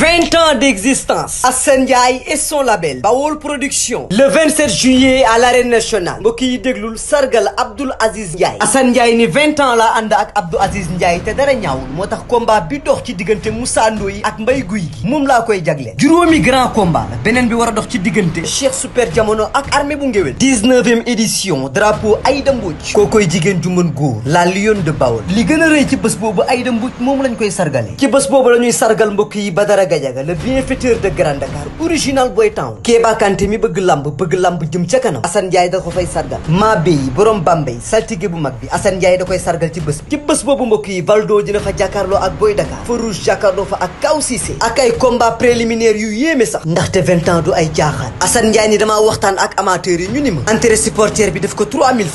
20 ans d'existence Assane Ndiaye et son label Bawol Production le 27 juillet à l'arène nationale mbokk yi déglul sargal Abdoul Aziz Ndiaye Assane Ndiaye ni 20 ans la ànd ak Abdou Aziz Ndiaye te dara ñaawul moo tax combat bi dox ci diggante Moussa Ndoye ak Mbaye Guy moom laa koy jagleel juróomi grand combat beneen bi war a dox ci diggante Cheikh Super Jamono ak armée bu ngéwél 19e édition drapeau Aïda Mbodj koo koy jigéen ju mën góor la lionne de Bawol li gën a rëy ci bés boobu Aïda Mbodj moom lañ koy sargale ci bés boobu la ñuy sargal mbokk yi Badara Gadiaga le bienfaiteur de Grand Dakar original boy town Kéba mi bëgg lamb bëgg lamb jëm ca kanam Assane da ko fay sargal maa béy borom Bambey saltige bu mag bi Assane Ndiaye da koy sargal ci bés bi ci bés boobu mbokk yi Valdo dina fa jàkkaarloo ak Boy Dakar Farouche jàkkaarloo fa ak Kaw Cissé ak ay combat préliminaire yu yéeme sax ndaxte vingt ans du ay jaaxaan Assane Ndiaye ni damaa waxtaan ak amateurs yi ñu ni ma entrée supporter bi def ko 3000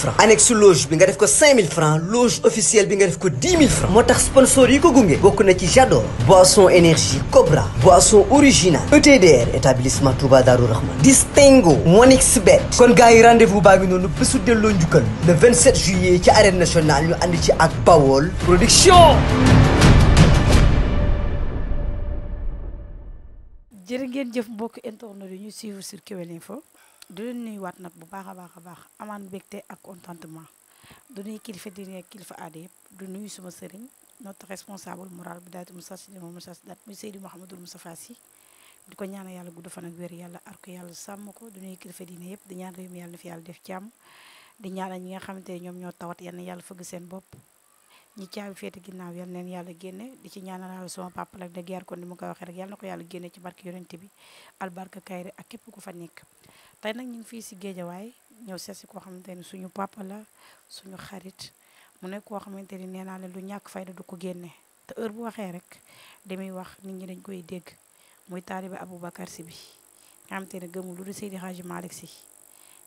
francs boisson originale ETDR établissement Touba Darou Rahman Distingo Monix Bet kon gars yi rendez-vous baa ngi noonu bésu delloo njukkal le 27 juillet ci arène national ñu ànd ci ak Bawol production jërë ngeen jëf mbokk internet ñu suivre sur Kewel fo di leen nuyuwaat nag bu baax a baax a baax amaan mbégte ak contentement du nuyu kilifa diine yëpp du nuy suma sëriñ notre responsable moral bi daal di Moussa Sy moom Moussa Sy daal muy Seydou Mouhamadou Moustapha Sy di ko ñaanal yàlla gudd fan ak wér yàlla ar ko yàlla sàmm ko du nuyu yëpp di ñaan réew mi yàlla fi yàlla def jàmm di ñaanal ñi nga xamante ne ñoom ñoo tawat yal na yàlla fëgg seen bopp. ñi caabi féete ginnaaw neen yàlla génne di ci ñaanal sama papa rek de guerre kon ni mu koy waxee rek yal na ko yàlla génne ci barke yonent bi albarka kayri ak képp ku fa nekk. tey nag ñu ngi fi si géejawaay ñëw seesi koo xamante ne suñu papa suñu xarit mu nekk koo xamante ni nee naa leen lu ñàkk fayda du ko génne te heure bu waxee rek li muy wax nit ñi dañ koy dégg muy taaliba Aboubacar si bi nga xamante ne gëmul lu dul Seydi Hadji Malick si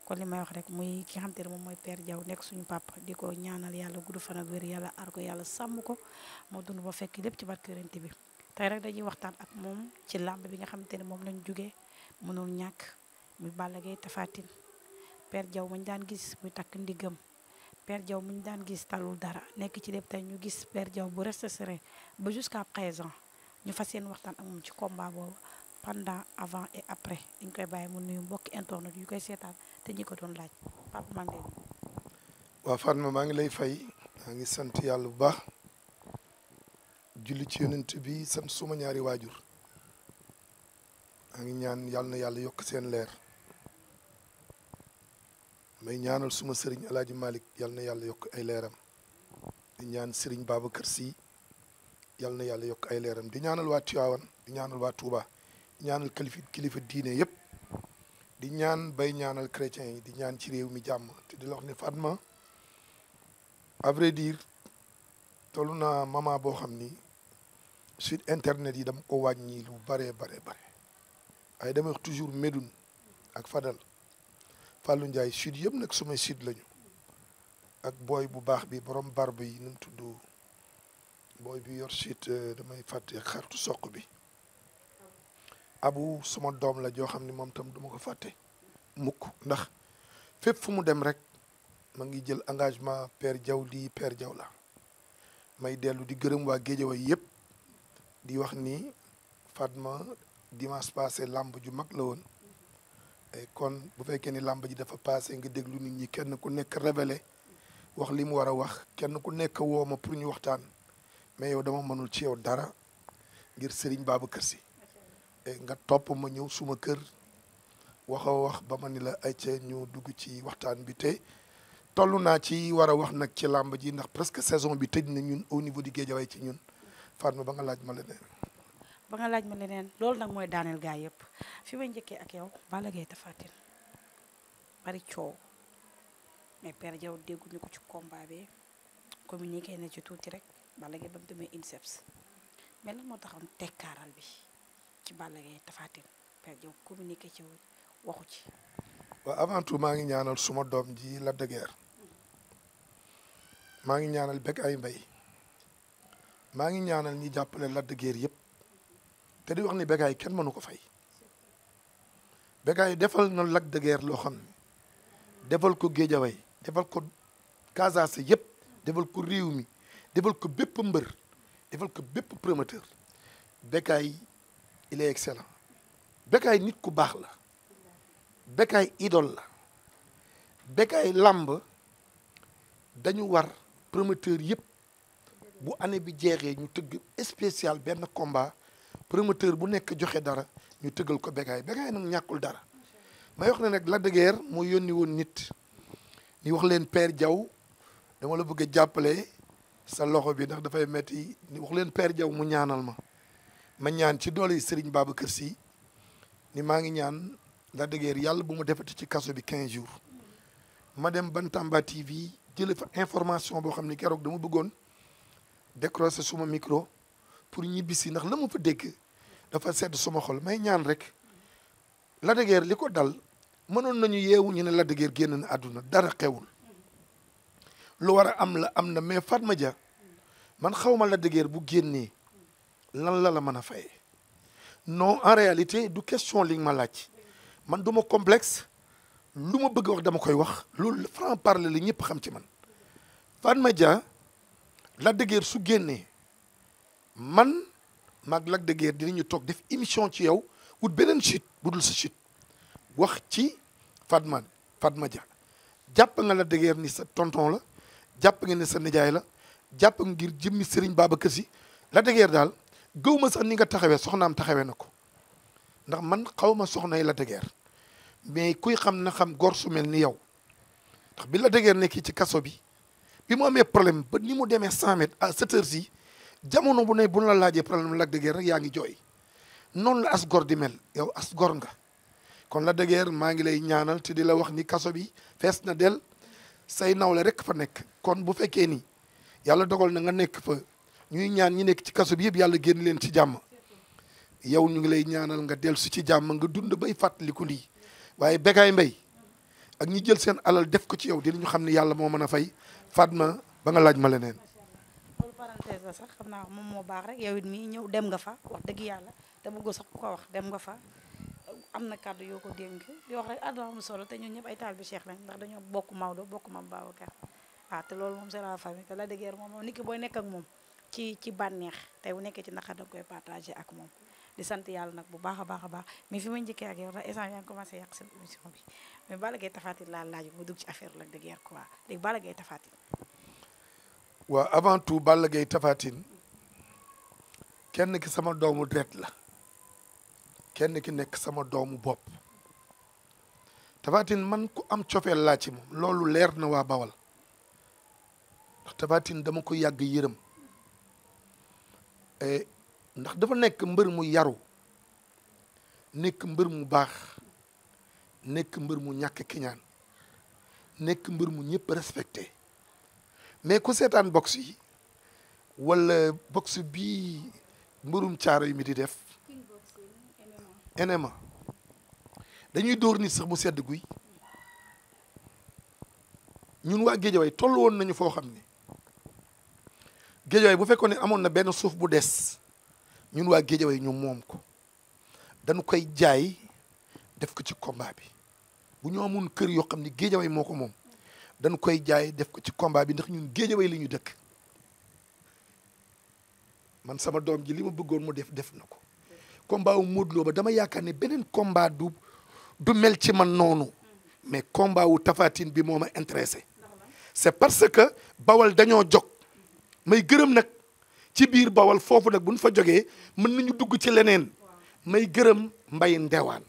kon li may wax rek muy ki ne moom mooy Père Diaw nekk suñu papa di ko ñaanal yàlla gudd fan ak wér yàlla aar yàlla sàmm ko moo dund ba fekk lépp ci barke Yonent bi tey rek dañuy waxtaan ak moom ci làmb bi nga xamante ne moom lañ jógee mënul ñàkk muy Balla Gaye Tapha Tine Père mañ daan gis muy takk ndi gëm Père Diaw mu ñu daan gis talul dara nekk ci lépp ñu gis per Diaw bu resté serein ba jusqu'à présent ñu fas yéen waxtaan amuñ ci combat boobu pendant avant et après dañ koy bàyyi mu nuyu mbokki internet yu koy seetaan te ñi ko doon laaj Pape maa ngi lay maa ngi lay fay maa ngi sant yàlla bu baax julli ci yonent bi sant suma ñaari waajur maa ngi ñaan yàlla na yàlla yokk seen leer may ñaanal suma sëriñ alaaji malik yal na yàlla yokk ay leeram di ñaan sëriñ Babacar Sy yal na yàlla yokk ay leeram di ñaanal waa Tiwaawan di ñaanal waa Touba di ñaanal kilifa diine yëpp di ñaan bay ñaanal chrétien yi di ñaan ci réew mi jàmm te di la wax ne Fatma à vrai dire tollu naa boo xam ni suite internet yi dama ko wàññi lu bare bare bare waaye dama wax toujours Médoune ak Fadal Fallou Ndiaye sud yëpp nag sumay sud lañu ak booy bu baax bi borom barbe yi nu mu tudd booy bi yor sud euh, damay fàtte xaritu soq bi abu suma doom la joo xam ne moom tam duma ko fàtte mukk ndax fépp fu mu dem rek ma ngi jël engagement per jaw lii per jaw la may dellu di gërëm waa géejawaay yëpp di wax ni Fatma dimanche passé làmb ju mag la woon Eh, kon bu fekkee ni làmb ji dafa paase nga déglu nit ñi kenn ku nekk révélé wax li mu war a wax kenn ku nekk woo ma pour ñu waxtaan mais yow dama mënul ci yow dara ngir Serigne kër si eh, nga topp ma ñëw suma kër wax a wax ba ma ni la ay ca ñu dugg ci waxtaan bi te toll naa ci war a wax nag ci làmb ji ndax presque saison bi tëj na ñun au niveau du Guédiawaye ci ñun Fatma ba nga laaj ma leneen ba nga laaj ma leneen loolu nag mooy daaneel gaa yëpp fi may njëkkee ak yow Balla Gaye Tapha Tine bari coow mais Père Diaw dégguñu ko ci combat bi communiqué na ci tuuti rek Balla Gaye ba mu demee INSEPS mais lan moo taxoon bi ci Balla Gaye Tapha Tine Père ci waxu ci waa avant tout maa ngi ñaanal suma doom ji la dëgër maa ngi ñaanal beg ay mbay maa ngi ñaanal ñi jàppale la dëgër yëpp te di wax ni Bécaye kenn mënu ko fay Bécaye defal na Lac de loo xam ne defal ko Guédiawaye defal ko Casas yëpp defal ko réew mi defal ko bépp mbër defal ko bépp promoteur Bécaye il est excellent Bécaye nit ku baax la Bécaye idol la Bécaye làmb dañu war promoteur yëpp bu année bi jeexee ñu tëgg spécial benn combat promoteur bu nekk joxee dara ñu tëggal ko bégaay bégaay nag ñàkkul dara may wax ne nag la de Guiers moo woon nit ni wax leen Père Diaw dama la bëgg a jàppale sa loxo bi ndax dafay metti ni wax leen Père Diaw mu ñaanal ma ma ñaan ci doole yi Serigne Babacar si ni maa ngi ñaan Lac de yàlla bu mu defati ci kaso bi 15 jours ma dem Bantamba TV jële fa information boo xam ni keroog dama bëggoon décrocher suma micro pour ñibbisi ndax la ma fa dégg dafa sedd suma xol may ñaan rek Lac de li ko dal mënoon nañu yeewu ñu ne Lac de Guiers génn na àdduna dara xewul lu war a am la am na mais Fatma Dia man xawma Lac de Guiers bu génnee lan la la mën a fayee non en réalité du question li nga ma laaj man du ma complexe lu ma bëgg wax dama koy wax loolu franc parler la ñëpp xam ci man Fatma Dia Lac de su génnee man mag la de dinañu toog def émission ci yow wut beneen chute bu dul sa chute wax ci Fatma Fatma Dia jàpp nga Lac de Guiers ni sa tonton la jàpp nga ne sa nijaay la jàpp ngir jëmmi Serigne Babacar Sy Lac la Guiers daal gëw ma sax ni nga taxawee soxnaam taxawee na ko ndax man xawma ma soxnay Lac de mais kuy xam na xam gor su mel ni yow ndax bi la de Guiers nekk ci kaso bi bi mu amee problème ba ni mu demee 100 mètres à 7 si jamono bu ne bu la laajee problème Lac de Guiers rek yaa ngi jooy noonu la as gor di mel yow as gor nga kon Lac de maa ngi lay ñaanal te di la wax ni kaso bi fees na del say nawle rek fa nekk kon bu fekkee ni yàlla dogal na nga nekk fa ñuy ñaan ñi nekk ci kaso bi yëpp yàlla génn leen ci jàmm yow ñu ngi lay ñaanal nga dellusi ci jàmm nga dund bay fàttaliku lii waaye Bécaye Mbaye ak ñi jël seen alal def ko ci yow ñu xam ne yàlla moo mën a fay Fatma ba nga laaj ma leneen ba sax xam naa moom moo baax rek yow it mii ñëw dem nga fa wax dëgg yàlla te bëggoo sax ku ko wax dem nga fa am na kàddu yoo ko dénk di wax rek àdduna am solo te ñun ñëpp ay taal bi Cheikh lañ ndax dañoo bokk Maodo bokk Mame Babacar waaw te loolu moom c'est a famille te la dëggeer moom moom nit ki booy nekk ak moom ci ci bànneex tey bu nekkee ci naqar da koy partagé ak moom di sant yàlla nag bu baax a baax a baax mais fi ma njëkkee ak yow nag instant yaa ngi la dëggeer quoi léegi waaw avant tout Balla Gaye tafaatin Tine kenn ki sama doomu deret la kenn ki nekk sama doomu bopp Tapha man ko am cofeel laa ci moom loolu leer na waa Bawal ndax Tapha Tine dama ko yàgg yërëm e, ndax dafa nekk mbër mu yaru nekk mbër mu baax nekk mbër mu ñàkk kiñaan nekk mbër mu ñëpp respecté mais ku seetaan box yi wala box bii mbërum caaro yi mi di def enema dañuy dóor nit sax mu sedd guy ñun waa géejawaay toll woon nañu foo xam ne géejawaay bu fekkoon ne amoon na benn suuf bu des ñun waa géejawaay ñu moom ko danu koy jaay def ko ci kombaa bi bu ñu amoon kër yoo xam ne géejawaay moo ko moom danu koy jaay def ko ci combat bi ndax ñun géejaway li ñu dëkk man sama doom ji li ma bëggoon mu def def na ko combat wu Modou ba dama yaakaar ni beneen combat du du mel ci man noonu mais combat wu tafatine bi moo ma intéressé c'est parce que bawal dañoo jog may gërëm nag ci biir bawal foofu nag bu ñu fa jogee mën nañu dugg ci leneen may gërëm mbay ndewaan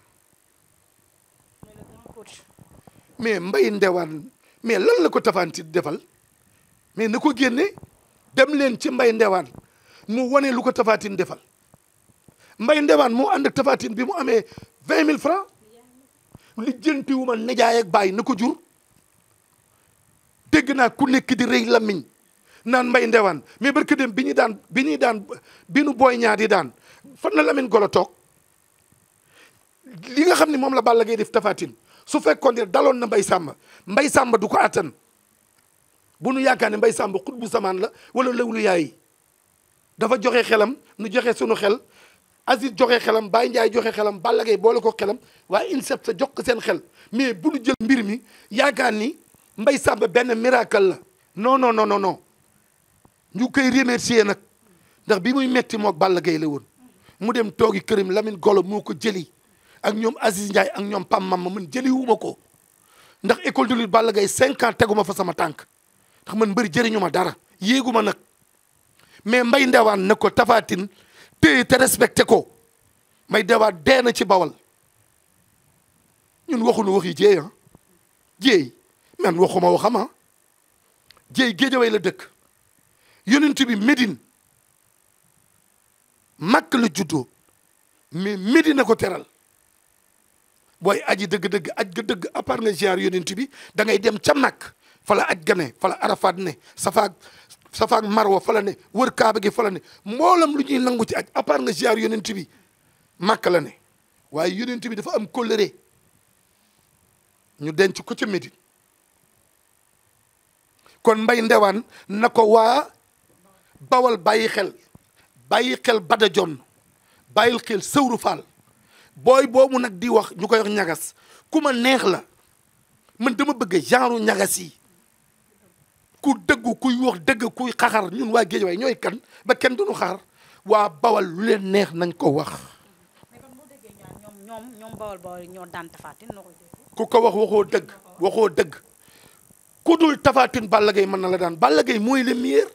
mais mbay ndewaan mais lan la ko tafanti defal mais na ko génne dem leen ci mbay ndewaan mu wane lu ko tafaatin defal mbay ndewaan mu ànd ak bi mu amee vingt mille francs li jëntiwu ma nijaay ak bàyyi na ko jur dégg naa ku nekk di rëy lamiñ naan mbay ndewaan mais barke dem bi ñu daan bi ñuy daan bi nu booy ñaar di daan fan na lamin golo toog li nga xam ni moom la Balla Gaye def tafatin su fekkoon ne daloon na mbay sàmba mbay sàmba du ko attan bu nu yaakaar ne mbay sàmba xut bu samaan la wala lawlu yaay dafa joxe xelam nu joxe sunu xel Aziz joxe xelam Baye Ndiaye joxe xelam Balla Gaye boole ko xelam waaye INSEP sa jox ko seen xel mais bu nu jël mbir mi yaakaar ni mbay sàmba benn miracle la non non non non ñu koy remercier nag ndax bi muy metti moo Balla gay la woon mu dem toogi këram lamin Golo moo ko jëli ak ñoom Aziz Ndiaye ak ñoom Pam mam Mamma man jëliwuma ko ndax école de lutte Balla Gaye cinq ans teguma fa sama tànk ndax man mbëri jëriñu ma dara yéeguma nag mais mbay ndewaan na ko tafaatin téye te respecté ko mbay ndewaan dee na ci bawal ñun waxuñu waxi jéey ah jéey man waxuma waxam ah jéey géejaway la dëkk yonent bi Médine Makka la juddoo mais Médine na ko teral booy aji dëgg-dëgg aj ga dëgg nga ziar yonent bi da ngay dem ca nag fala aj ga ne fala arafaat ne safaak safaak marwa fala ne wër kaaba gi fala ne mboolam lu ñuy nangu ci aj à part nga bi màkk waaye yonent bi dafa am kóllëre ñu denc ko ca Médine kon mbay ndewaan na ko waa bawal bàyyi xel bàyyi xel jon bàyyil xel sëwru faal booy boobu nag di wax ñu koy wax ñagas ku ma neex la mën dama bëgg genre ñagas yi ku dëggu kuy wax dëgg kuy xaxar ñun waa géej waay ñooy kan ba kenn duñu xaar waa bawal lu leen neex nañ ko wax. ñoom ñoom bawal bawal ñoo daan tafaatin ku ko wax waxoo dëgg waxoo dëgg ku dul tafaatin Balla Gaye mën na la daan Balla Gaye mooy le meilleur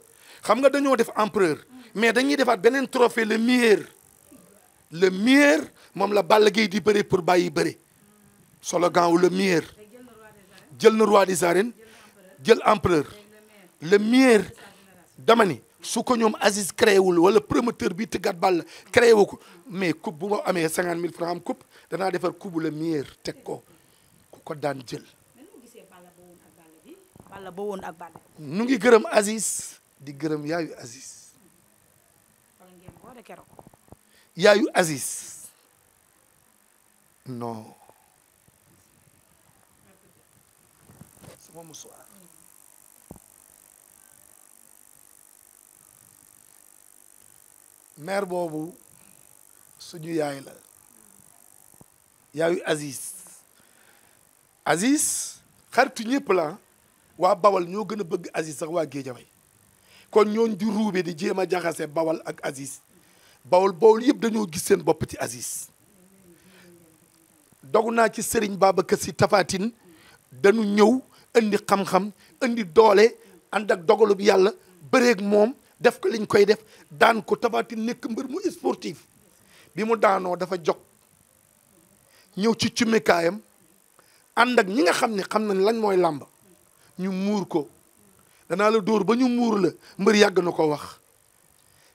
xam nga dañoo def empereur mm. mais dañuy defaat beneen trophée le meilleur le meilleur moom la Balla Gaye di bëre pour bàyyi bëre solo wu le meilleur jël na roi des arènes jël empereur le meilleur damani su ko ñoom Aziz créé wul wala promoteur bi tëggat bal créé wu ko mais coupe bu ma amee cinquante mille francs am coupe danaa defar coupe le meilleur teg ko ku ko daan jël. Balla ba ngi gërëm Aziz di gërëm yaayu Aziz. yaayu Aziz. Non. C'est mon moussoir. mère boobu suñu yaay la yaayu Aziz Aziz xaritu ñëpp la waa Bawal ñoo gën a bëgg Aziz sax waa Géejawaay kon ñooñ di ruube di jéem a jaxasee Bawal ak Aziz Bawal Bawal yëpp dañoo gis seen bopp ci Aziz dogu naa ci Serigne Babacar Sy Tafatine dañu ñëw indi xam-xam indi doole ànd ak dogalu bi yàlla bëreeg moom def ko liñ koy def daan ko Tafatine nekk mbër mu sportif bi mu daanoo dafa jog ñëw ci cummikaayam ànd ak ñi nga xam ni xam nañ lañ mooy làmb ñu muur ko danaa la dóor ba ñu muur la mbër yàgg na ko wax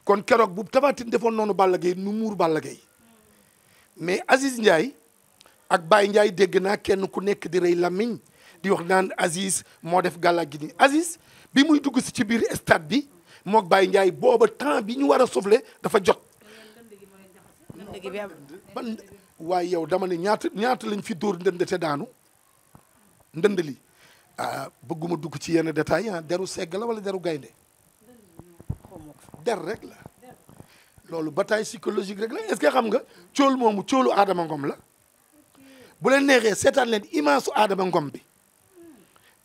kon keroog bu Tafatine defoon noonu Balla Gaye nu muur Balla Gaye mais Aziz Ndiaye ak Baye Ndiaye dégg naa kenn ku nekk di rey làmmiñ di wax naan Aziz moo def gala gi nii Aziz bi muy dugg si ci biir stade bi moo Baye Ndiaye booba temps bi ñu war a soufflé dafa jot. ban waaye yow dama ne ñaata lañ fi duur ndënd te daanu ndënd li ah bëgguma dugg ci yenn détails ah deru segg la wala deru gaynde der rek la loolu bataille psychologique rek la est xam nga coolu moomu coolu Adama Ngom la. bu leen neexee setan leen image su Adama Ngom bi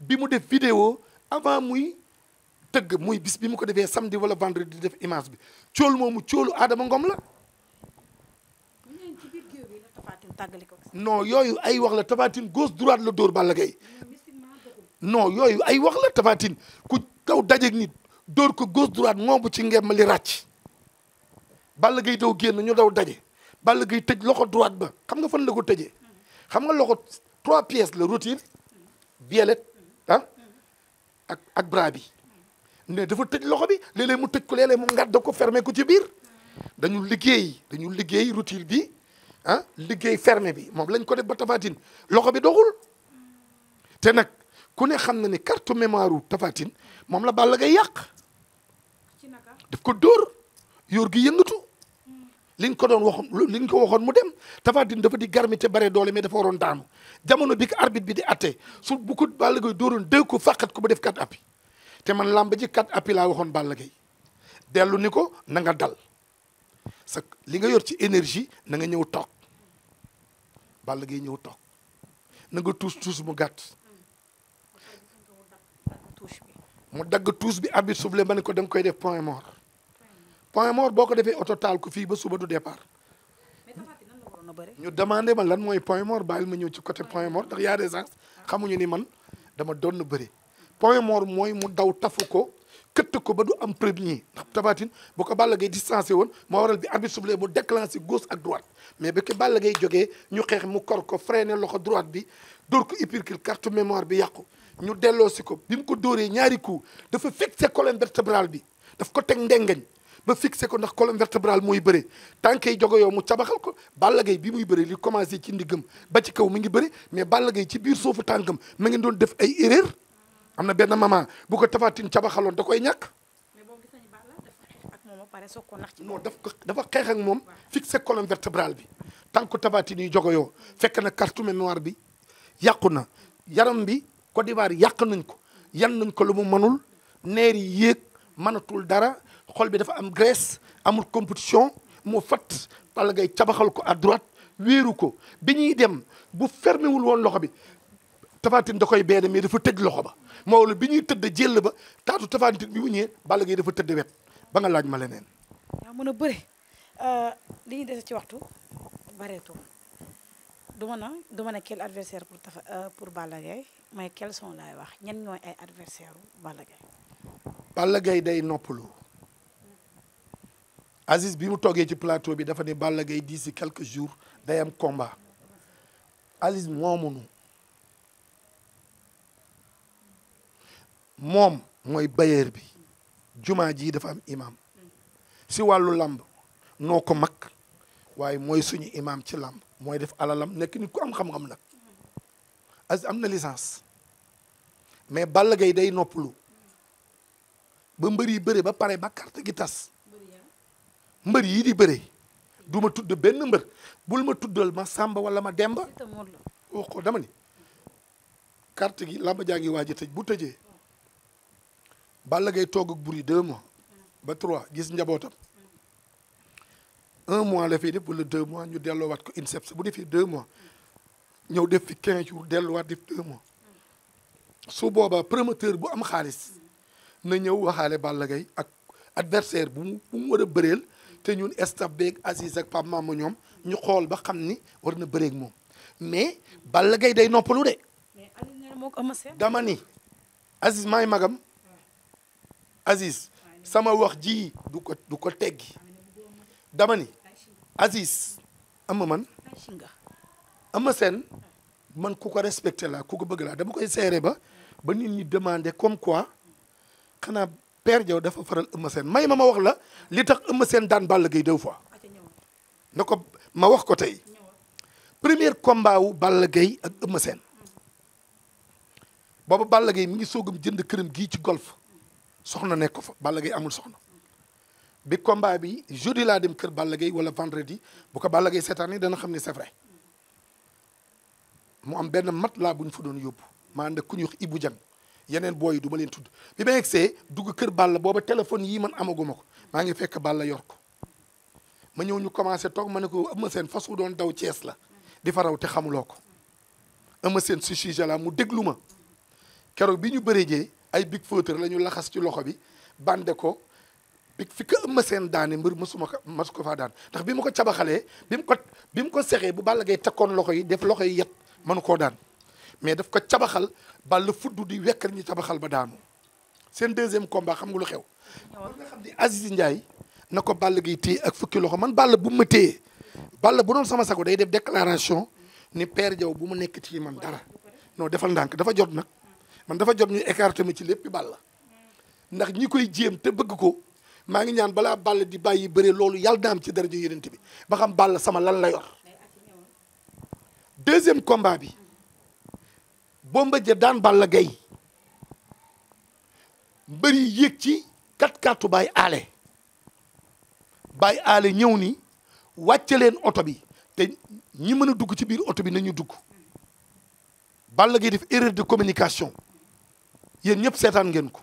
bi mu def vidéo avant muy tëgg muy bis bi mu ko defee samedi wala vendredi di def image bi cool moomu coolu Adama Ngom la. noo yooyu ay wax la tafatine gauche droite la dóor Balla Gaye non yooyu ay wax la tafatine ku taw dajeeg nit dóor ko gauche droite ngoobu ci ngem li ràcc. Balla Gaye daw na ñu daw daje Balla Gaye tëj loxo droite ba xam nga fan la ko tëjee. xam nga loxo trois pièces la rotule biellet ah ak ak bi ne dafa tëj loxo bi léeg mu tëj ku léeg-léeg ngat ngàdd ko fermé ko ci biir dañu liggéey dañu liggéey rotule bi ah liggéey ferme bi moom lañ ko def ba tafatine loxo bi doxul te nag ku ne xam na ni carte mémoire u tafatine moom la Balla Gaye yàq daf ko dóor yóor gi yëngatu li nga ko doon waxoon liñ ko waxoon mu dem Tapha dafa di te bare doole mais dafa waroon daanu jamono bi ko arbitre bi di atte su bu ko Balla Gaye dooroon dégg ko fàqat ko ba def kat appi te man làmb ji kat appi laa waxoon Balla Gaye dellu ni ko nanga nga dal sa li nga yor ci énergie na nga ñëw toog Balla Gaye ñëw toog na nga tuus tuus mu gàtt mu dagg tuus bi arbitre soufflé ba ne ko danga koy def point mort point mort boo ko defee oto taal ko fii ba suba du départ. ñu demandé ma lan mooy point mort bàyyil ma ñëw ci côté point mort ndax y a xamuñu ni man dama doon bëri. point mort mooy mu daw tafu ko këtt ko ba du am premier ndax tabatin bu ko Balla Gaye distancé woon moo waral bi arbitre soufflé mu déclenché gauche ak droite mais ba ki Balla Gaye jógee ñu xeex mu kor ko freiné loxo droite bi dóor ko hypercule carte mémoire bi yàqu. ñu delloo si ko bi mu ko dóoree ñaari coup dafa fixé colonne vertébrale bi daf ko teg ndengeñ. ba fixé ko ndax colonne vertébrale mooy bëre tànk yi jogo yow mu ko Balla bi muy bëre li commencé ci ndigam ba ci kaw mi ngi bëre mais Balla Gaye ci biir tànkam ma ngi doon def ay erreur am na benn maman bu ko tafatin cabaxaloon da koy ñàkk. mais boo gis nañu nax ci. non daf ko dafa xeex ak moom fixé colonne vertébrale bi tànku tafatin yi jogo yow fekk na carton noir bi yàqu na yaram bi Côte d'Ivoire yàq nañ ko yan nañ ko lu mu manul neer yi yéeg mënatul dara xol bi dafa am graisse amul compétition moo fatt Balla Gaye cabaxal ko à droite ko bi ñuy dem bu fermé woon loxo bi Tapha Tine da koy beene mais dafa tëj loxo ba moo la bi ñuy tëdd jël ba taatu Tapha bi wu ñëwee Balla Gaye dafa tëdd wet ba nga laaj ma leneen. yaa mën a bëri euh, li ñu dese ci waxtu bareetul du ma na du ma ne quel adversaire pour Tapha euh, pour Balla Gaye mais quels sont laay wax ñan ñooy ay adversaire u Balla day noppalu. Aziz bi mu toogee ci plateau bi dafa ne Balla Gaye d'ici quelques jours day am combat Aziz moomunu moom mooy bailleur bi jumaa ji dafa am imam si wàllu lamb noo ko mag waaye mooy suñu imam ci lamb mooy def alalam nekk nit ku am xam-xam nag Aziz am na licence mais Balla day noppalu ba mbër yi bëre ba pare ba carte gi tas mbër yi di bëre du ma tudd benn mbër bul ma tuddal ma sàmba wala ma demba wax oh, ko dama ni carte gi làmba jaa ngi waaj a tëj bu tëjee Balla Gaye toog ak buri deux mois ba trois gis njabootam un mois la fay def wala deux mois ñu delloowaat ko INSEPS bu defee deux mois ñëw def fi quinze jours delluwaat def deux mois su boobaa promoteur bu am xaalis na ñëw waxaale Balla Gaye ak adversaire bu mu bu mu war a bëreel te ñun staff beeg Aziz ak Pape Mama ñoom ñu xool ba xam ni war na bëreek moom mais Balla Gaye day noppalu de. mais dama ni Aziz maay magam Aziz sama wax ji du ko du ko teggi dama ni Aziz ama man ama seen man ku ko respecté la ku ko bëgg laa dama koy seere ba ba nit ñu demande comme quoi xanaa per Diaw dafa faral Eumeu Sène may ma ma wax la li tax Eumeu Sène daan Balla Gaye deux fois na ko ma wax ko tey première combat wu Balla ak Eumeu Sène mm. booba Balla Gaye mi ngi soogam jënd këram gii ci golf soxna nekk ko fa Balla Gaye amul soxna bi combat bi jour jeudi laa dem kër Balla Gaye wala vendredi bu ko Balla Gaye seetaanee dana xam ne c'est mu am benn mat laa buñ ñu fa doon yóbbu maa ànd ku ñuy wax Ibou yeneen booy yi du ma leen tudd bi ma yegsee dugg kër Balla booba téléphone yii man amaguma ko maa ngi fekk Balla yor ko ma ñëw ñu commencé toog ma ne ko Eumeu Sène fas wu doon daw Cees la di fa raw te xamuloo ko Eumeu seen su sujet la mu déglu ma keroog bi ñu bëree jee ay big feutre la ñu laxas ci loxo bi bande ko bi fikk ko Eumeu seen daane mbër mësuma ko mas ko faa daan ndax bi ma ko cabaxalee bi mu ko bi mu ko sexee bu Balla Gaye tekkoon loxo yi def loxo yi yet mënu koo daan mais daf ko cabaxal bal la fudd di wekkal ñu cabaxal ba daanu seen deuxième combat xam nga lu xew war nga Ndiaye na ko Balla Gaye téye ak fukki loxo man Balla bu ma téye Balla bu doon sama sago day def déclaration ni Père Diaw bu mu nekk ci man dara noo defal ndànk dafa jot nag man dafa jot ñu écarté ma ci lépp Balla ndax ñi koy jéem te bëgg ko maa ngi ñaan balaa Balla di bàyyi bëre loolu yàlla na am ci daraja yonent bi ba xam Balla sama lan lay wax deuxième combat bi Bombardier daan Balla Gaye mbëri yéeg ci kat baay Baye Allé Baye Allé ñëw ni wàcce leen oto bi te ñi mën a dugg ci biir oto bi nañu dugg Balla Gaye def erreur de communication yéen ñëpp seetaan ngeen ko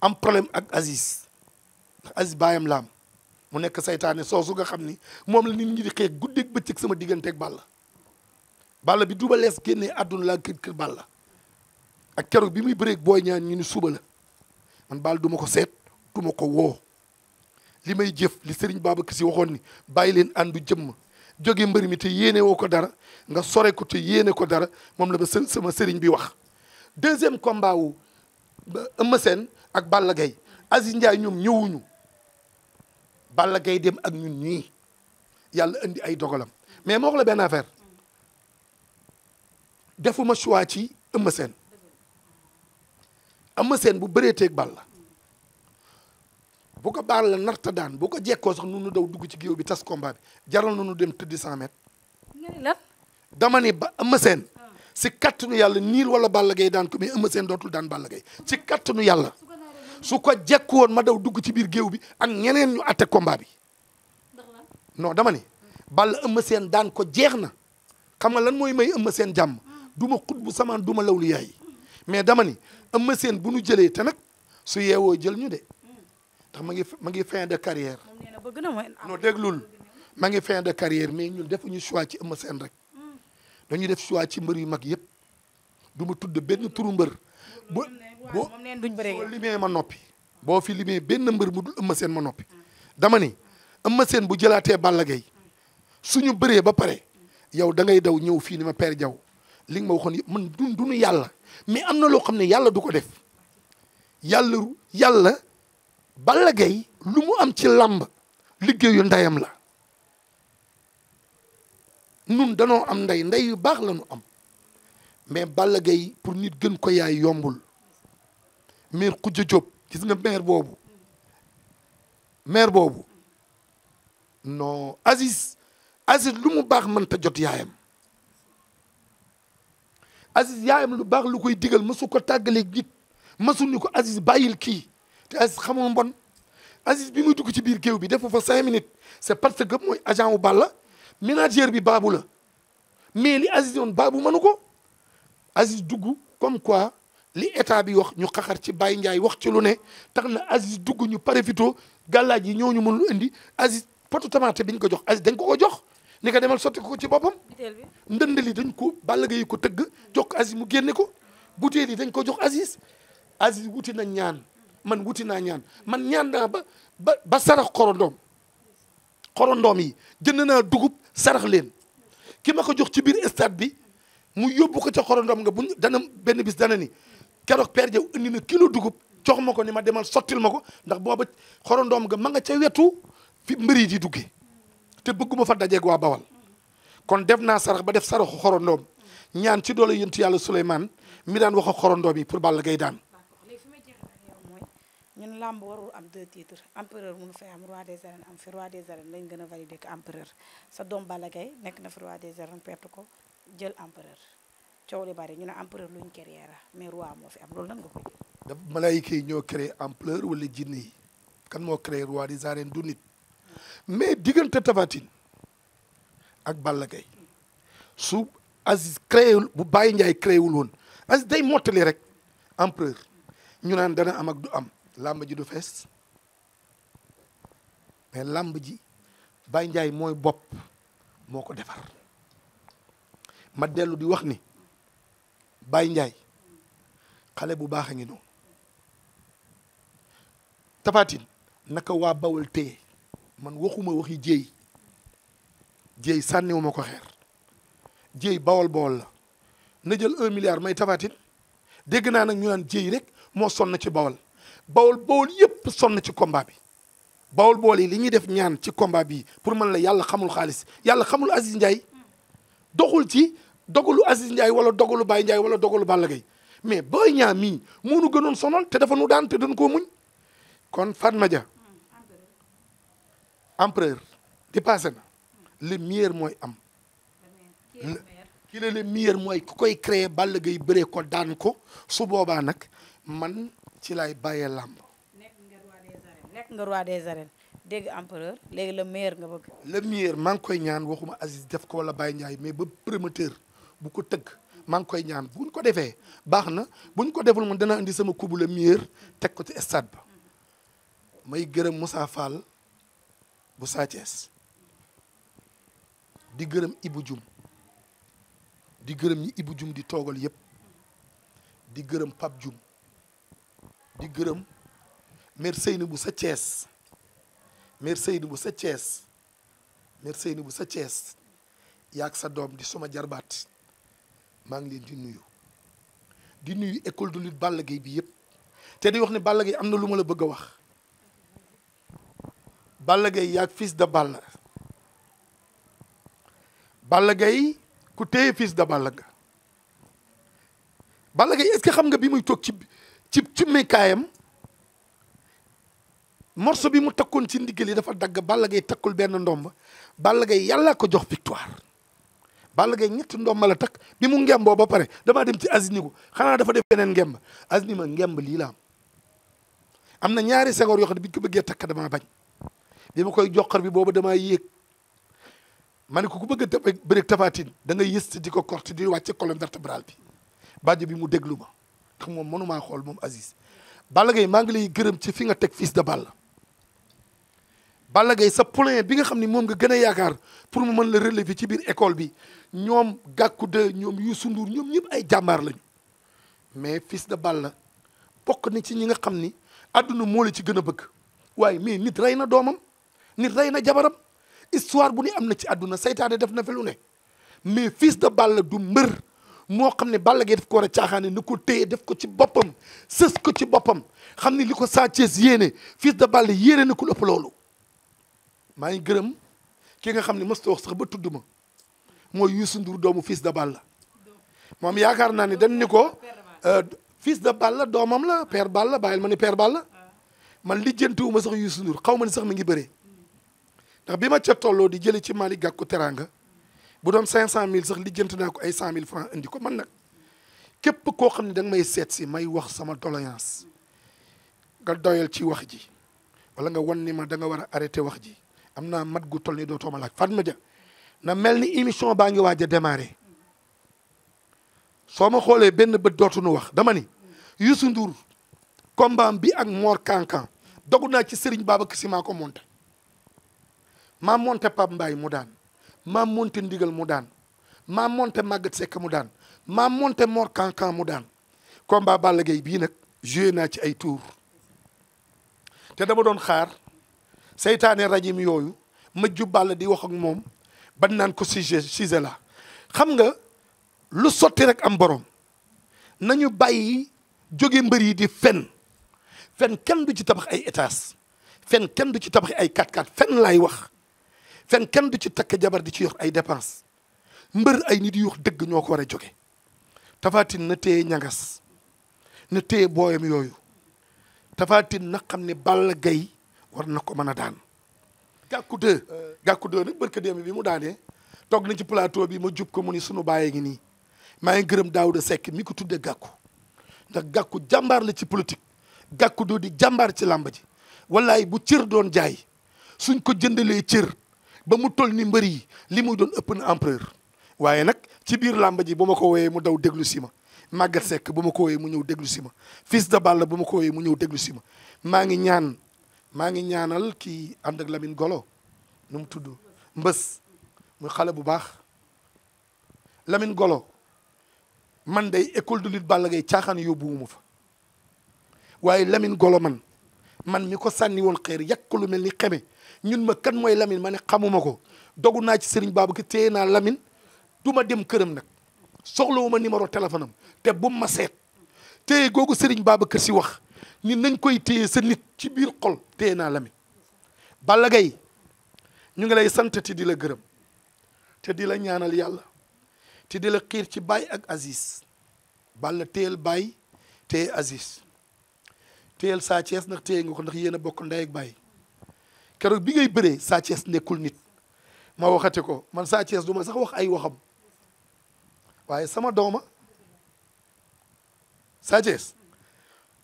am problème ak Aziz ndax Aziz baayam laam mu nekk saytaane soosu nga xam ni moom la nit ñi di xeex guddeeg bëccëg sama diggante digganteeg Balla Balla bi Double Less génnee àdduna laa kër kër Balla ak keroog bi muy bëreek booy ñaan ñu ni suba la man Balla duma ko seet duma ko woo li may jëf li sëriñ Babacar Sy waxoon ni bàyyi leen àndu jëmm joge mbër mi te yéene woo ko dara nga sore ko te yéene ko dara moom la ba sama Serigne bi wax. deuxième combat wu Eumeu Sène ak Balla Gaye Aziz Ndiaye ñoom ñëwuñu Balla Gaye dem ak ñun ñii yàlla indi ay dogalam mais moo wax la benn affaire. defuma choix ci Eumeu Sène Eumeu Sène bu bëree teeg Balla bu ko Balla narta daan bu ko jekkoo sax nu nu daw dugg ci géew bi tas combat bi jaral nu dem tëddi 100 mètres. dama ni ba Eumeu Sène si kattanu yàlla niil wala Balla Gaye daan ko mais Eumeu dootul daan Balla Gaye ci kattanu yàlla su ko jekku woon ma daw dugg ci biir géew bi ak ñeneen ñu atte kombaa bi non dama ni Balla Eumeu Sène daan ko jeex na xam lan mooy may Eumeu jàmm du ma bu samaan du ma lawlu yaay mais dama ni Eumeu Sène bu nu jëlee te nag su yeewoo jël ñu de ndax ma ngi ma ngi fin de carrière non déglul ma ngi fin de carrière mais ñun defuñu choix ci Eumeu Sène rek dañu def choix ci mbër yu mag yëpp duma ma tudd benn turu mbër bu boo limee ma noppi boo fi limee benn mbër mu dul Eumeu Sène ma noppi dama ni bu jëlaatee Balla Gaye suñu bëree ba pare yow da ngay daw ñëw fii ni ma Père Diaw li nga ma waxoon mën man du duñu yàlla mais am na loo xam ne yàlla du ko def yàlla yàlla Balla Gaye lu mu am ci làmb liggéeyu ndeyam la nun danoo am ndey ndey yu baax la ñu am mais Balla Gaye pour nit gën ko yaay yombul maire Khoudia Diop gis nga maire boobu maire boobu noo Aziz Aziz lu mu baax mënta jot yaayam Aziz yaayam lu baax lu koy digal masu ko tàggaleeg nit masu ni ko Aziz bàyyil kii te Aziz xamul mbon Aziz bi muy dugg ci biir géew bi defu fa cinq minutes c'est parce que mooy agent wu Balla manager bi baabu la mais li Aziz yoon baabu mënu ko Aziz dugg comme quoi li état bi wax ñu xaxar ci Baye Ndiaye wax ci lu ne tax na Aziz dugg ñu pare fito gàllaaj yi ñooñu mën lu indi Aziz pot tamaate biñ ko jox Aziz dañ ko ko jox ni ko demal sotti ko ci boppam. ndënd li dañ ko Balla Gaye ko tëgg jox ko Aziz mu génne ko butéel yi dañ ko jox Aziz Aziz wuti na ñaan man wuti naa ñaan man ñaan naa ba ba ba sarax xorondoom xorondoom yi jënd naa dugub sarax leen ki ma ko jox ci biir stade bi mu yóbbu ko ca xorondoom nga buñ dana benn bis dana ni keroog Père Diaw indi na kilo dugub jox ma ko ni ma demal sottil ma ko ndax booba xorondoom nga ma nga ca wetu fi yi di dugge te bëgguma fa dajeeg waa bawal kon def naa sarax ba def saraxu xorondoom ñaan ci doole yëntu yàlla Souleymane mi daan wax xorondoom yi pour Balla Gaye daan. ñun làmb warul am deux titres empereur mënu fay am roi des arènes am fi roi des arènes lañ gën a validé que empereur sa doom Balla Gaye nekk na fi roi des arènes perte a jël empereur coow li bari ñu ne empereur luñ créé la mais roi moo fi am loolu nan nga ko. dafa malaayika yi ñoo créé empereur wala jinne yi kan moo créé mais diggante Tapha ak Balla Gaye su Aziz crééwul bu Baye Ndiaye crééwul woon Aziz day mottali rek empereur ñu naan dana am ak du am làmb ji du fees mais làmb ji Baye njaay mooy bopp moo ko defar ma dellu di wax ni Baye Ndiaye xale bu baax a ngi noonu Tapha Tine naka waa Bawol téye man waxuma waxi jéey jéey sànniwuma ko xeer jéey bawol bawol la na jël un milliard may tafatin dégg naa nag ñu naan jéey rek moo sonn ci bawol bawol bawol yépp sonn ci combat bi bawol bawol yi li ñuy def ñaan ci combat bi pour man la yàlla xamul xaalis yàlla xamul Aziz Ndiaye doxul ci dogalu Aziz Ndiaye wala dogalu Baye Ndiaye wala dogalu Balla mais Boy Niang mii moo nu gënoon sonal te dafa nu daan te dañ koo muñ kon Fatma Dia empereur dépassé na le meilleur mooy am ki la le meilleur mooy ku koy créer Balla Gaye bëree ko daan ko su boobaa nag man ci lay bàyyee làmb nekk nga roi des arènes dégg léegi le meilleur nga bëgg le meilleur maa ngi koy ñaan waxuma Aziz def ko wala Baye Ndiaye mais ba promoteur bu ko tëgg maa ngi koy ñaan bu ñu ko defee baax na buñ ko deful man dana indi sama kubu le meilleur teg ko ci stade ba may gërëm Moussa Fall bu Sathiès di gërëm Ibou Dioum di gërëm ñi Ibou Dioum di toogal yëpp di gërëm Pape jum di gërëm mère Seyni bu sa Thiès mère Seyni bu sa Thiès mère Seyni bu sa Thiès yaag sa doom di suma jarbaat maa ngi leen di nuyu di nuyu école du lutte Balla Gaye bi yëpp te di wax ne bàll Gaye am na lu ma la bëgg a wax Balla gay yaag fils de Balla Balla Gaye ku téye fils de Balla ga Balla xam nga bi muy toog ci ci ci mekaayam morceau bi mu takkoon ci ndigg li dafa dagg Balla gay takkul benn ndomba Balla Gaye yàllaa ko jox victoire Balla Gaye ñetti ndomba la takk bi mu ngemboo ba pare damaa dem ci Asni ko xanaa dafa def beneen ngemb ni ma ngemb lii la am am na ñaari sengoor yoo xam ne bi ñu bëggee takk damaa bañ bi ma koy joxar bi boobu damaa yéeg ma ne ko ku bëgg a bëreeg tafatin da ngay yësti di ko korti di wàcce colonne vertébrale bi bàjjo bi mu déglu ma ndax moom mënumaa xool moom Aziz Balla Gaye maa ngi lay gërëm ci fi nga teg fils de Balla Balla Gaye sa poulain bi nga xam ni moom nga gën a yaakaar pour mu mën la relever ci biir école bi ñoom Gàkku de ñoom yu sunduur ñoom ñëpp ay jàmbaar lañu mais fils de Balla bokk ni ci ñi nga xam ni àdduna moo la ci gën a bëgg waaye mais nit rey na doomam nit rey na jabaram histoire bu ni am na ci àdduna seytaane def na fi lu ne mais fiis de ball la du mbër moo xam ne Balla gee def ko war a ni ko téye def ko ci boppam sës ko ci boppam xam ne li ko Sa Thiès yéene fiis de ball yéene na ku ëpp loolu maa ngi gërëm ki nga xam ne mësta wax sax ba tudd ma mooy Youssou Ndour doomu fils de ball la moom yaakaar naa ne dañ ni ko euh, fils de ball la doomam la père Balla bàyyil ma ni père Balla man lijjantiwu ma sax Youssou Ndour xaw ma ni sax mi ngi bëree ndax bi ma ca tolloo di jëli ci Malick Gakou teraanga bu doon 500000 sax lijjanti naa ko ay 100000 francs indi ko man nag képp koo xam ne da may seet si may wax sama doléance nga doyal ci wax ji wala nga wan ni ma danga war a arrêté wax ji am naa mat gu toll ni dootoo ma laaj Fatma Dia na mel ni émission baa ngi waaj a démarré soo ma xoolee benn bët dootuñu wax dama ni Youssou Ndour combat bi ak Mor Kankan dog naa ci Serigne Babacar Sy maa ko monté maa moonte Pape mbaay mu daan maa monte Ndigal mu daan maa monte Maguette Seck mu daan maa monte Mor Kankan mu daan combat Balla Gaye bii nag joué naa ci ay tour te dama doon xaar seytaane rajim yooyu ma jubbal di wax moom ban naan ko sujet sujet la xam nga lu sotti rek am borom nañu bàyyi jóge mbër yi di fen fen kenn du ci tabax ay étages fen kenn du ci tabax ay 4x4 fen laay wax fen kenn du ci takk jabar di ci yor ay dépense mbër ay nit yu dëgg ñoo ko war a jóge tafatin na téye ñangas na téye booyam yooyu tafatin na xam ne Balla Gaye war na ko mën a daan gàkku deux euh, gàkku deux nag bërka démb bi mu daanee toog na ci plateau bi ma jub ko mu ni sunu baay a ngi nii maa ngi gërëm Daouda Seck mi ko tuddee gàkku ndax gàkku jàmbaar la ci politique gàkku doo di jàmbaar ci làmb ji wallaay bu cër doon jaay suñ ko jëndalee cër ba mu toll ni mbër yi li muy doon ëpp na empereur waaye nag ci biir làmba ji bu ma ko wooyee mu daw déglu si ma Maguette Seck bu ma ko mu ñëw déglu si ma Fils de Balla bu ma ko wooyee mu ñëw déglu si ma maa ngi ñaan maa ngi ñaanal kii am ak lamin Golo nu mu tudd mbës muy xale bu baax Lamine Golo man day école de lutte Balla Gaye caaxaan yóbbuwuma fa waaye lamin Golo man man mi ko sànni woon xeer yàq ko lu mel ni xeme ñun ma kan mooy lamin ma ne xamuma ko dogu naa ci Serigne Babacar téye naa lamin du ma dem këram nag soxlawuma numéro téléphone te bu ma seet téye googu Serigne Babacar si wax ni nañ koy téye sa nit ci biir xol téye naa lamin Balla Gaye ñu ngi lay sant ti di la gërëm te di la ñaanal yàlla te di la xiir ci Baye ak Aziz Balla téyel Baye téye Aziz téyel Sa Thiès ndax téye nga ko ndax yéen a bokk ndey ak keroog bi ngay bëree Sa Thiès nekkul nit ma waxate ko man Sa Thiès du ma sax wax ay waxam waaye sama dooma Sa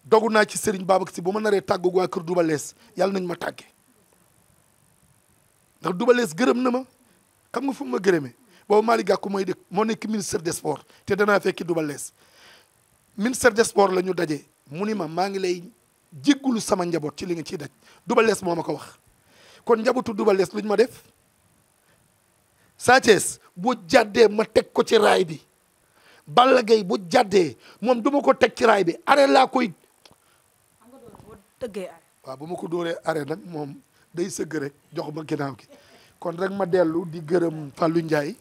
dogu naa ci Serigne Babacar Sy boo ma naree tàggoog waa kër Double Less yàlla nañ ma tàgge ndax Double Less gërëm na ma xam nga fu ma gërëme boobu Malick Gakou mooy dëkk moo nekk ministre des sports te danaa fekki Double Less ministre des sports la ñu daje mu ni ma maa ngi lay jéggulu sama njaboot ci li nga ciy daj Double Less moo ma ko wax kon njabootu Double Less luñ ma def Sa Thiès bu jàddee ma teg ko ci raay bi Balla Gaye bu jàddee moom du ko teg ci raay bi are laa koy. waaw bu ma ko dooree are nag moom day sëgg rek jox ma ginnaaw gi kon rek ma dellu di gërëm Fallou njaay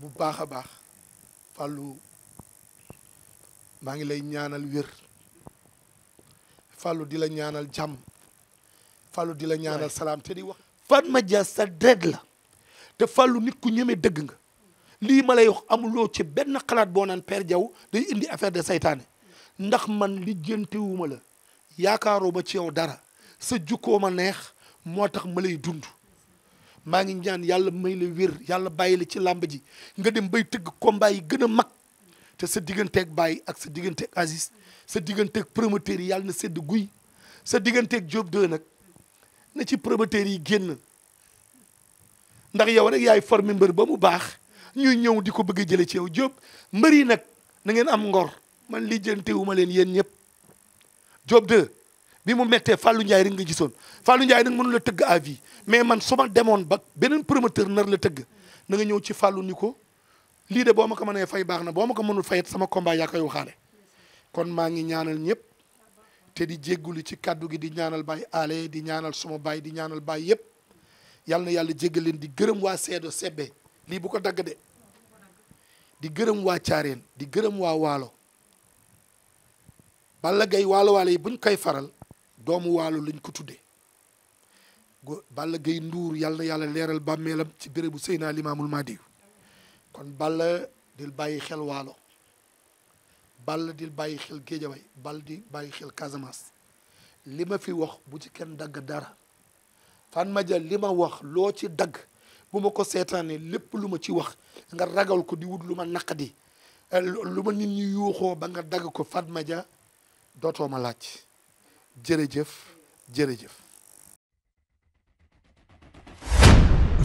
bu baax a baax Fallou maa ngi lay ñaanal wér Fallou di la ñaanal jàmm. Fallou di la ñaanal salaam te di wax ma Dia sa dred la te fallu nit ku ñeme dëgg nga lii ma lay wax amuloo ci benn xalaat boo naan Père Diaw day indi affaire de saytaane ndax man lijjantewuma la yaakaaroo ma ci yow dara sa jukkoo ma neex moo tax ma lay dund maa ngi ñaan yàlla may la wér yàlla bàyyi la ci làmb ji nga dem bay tëgg combat yi gën a mag te sa digganteeg Baye ak sa digganteeg Aziz sa digganteeg promoteur yi yàlla na sedd guy sa digganteeg Diop nag na ci promoteur yi génn ndax yow rek yaay former mbër ba mu baax ñuy ñëw di ko bëgg a jëlee ci yow Diop mbër yi nag na ngeen am ngor man lijjantewu ma leen yéen ñëpp Diop 2 bi mu mettee Fallou Ndiaye rek nga gisoon Fallou Ndiaye nag mënu la tëgg à vie mais man su demoon ba beneen promoteur nar la tëgg na ñëw ci Fallou ni ko lii de boo ma ko mënee fay baax na boo ma ko mënul fayet sama combat yaa koy waxaale kon maa ngi ñaanal ñëpp. te di jéggulu ci kàddu gi di ñaanal baay ale di ñaanal suma baay di ñaanal baay yépp yal na yàlla jéggal leen di gërëm waa seedo sebbe lii bu ko dagg de di gërëm waa caareen di gërëm waa waalo Balla Gaye waalo waalo yi buñ koy faral doomu waalo lañ ko tudde Balla Gaye Nduur yal na yàlla leeral bàmmeelam ci bérébu Seynaa Limaamul Mahdi kon Balla dil bàyyi xel waalo ball di bàyyi xel géejawaay ball di bàyyi xel Casamance li ma fi wax bu ci kenn dagg dara fan ma jël li ma wax loo ci dagg bu ma ko seetaanee lépp lu ma ci wax nga ragal ko di wut lu ma naqadi eh, lu ma nit ñi yuuxoo ba nga dagg ko Fatma Dia dootoo ma laaj jërëjëf jërëjëf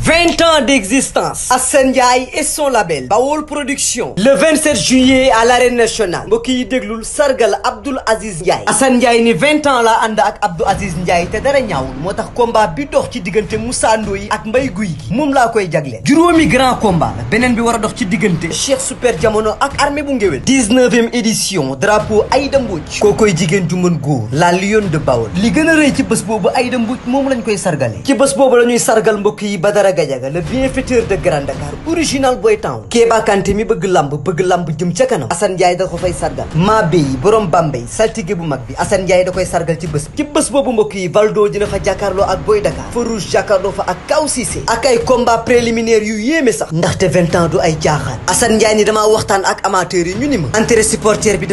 20 ans d'existence Assane Ndiaye et son label Bawol Production le 27 juillet à l'arène nationale mbokk yi déglul sargal Abdoul Aziz Ndiaye Assane Ndiaye ni 20 ans la ànd ak Abdou Aziz Ndiaye te dara ñaawul moo tax combat bi dox ci diggante Moussa Ndoye ak Mbaye Guy gi moom laa koy jagleel juróomi grand combat la bi war a dox ci diggante Cheikh Super Jamono ak armée bu ngéwél 19e édition drapeau Aïda Mbodj koo koy jigéen ju mën góor la lionne de Bawol li gën a rëy ci bés boobu Aïda Mbodj moom lañ koy sargale ci bés boobu la ñuy sargal mbokk yi Badara Gadiaga le bienfaiteur de Grand Dakar original boy town Kéba mi bëgg lamb bëgg lamb jëm ca kanam Assane Ndiaye da ko fay sargal maa béyi borom Bambey saltige bu mag bi Assane Ndiaye da koy sargal ci bés ci bés boobu mbokk yi Valdo dina fa jàkkaarloo ak boy Dakar Farouche jàkkaarloo fa ak Kaw Cissé ak ay combat préliminaire yu yéeme sax ndaxte vingt ans du ay jaaxaan Assane Ndiaye ni damaa waxtaan ak amateurs yi ñu ni ma entrée supporter bi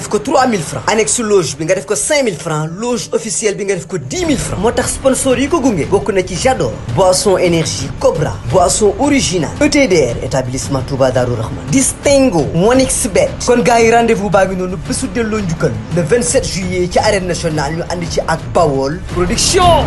Coca boisson originale ETDR établissement Touba Darou Rahman Distingo 1xBet kon gars yi rendez-vous baa ngi noonu bésu delloo njukkal le 27 juillet ci arène national ñu ànd ci ak Bawol production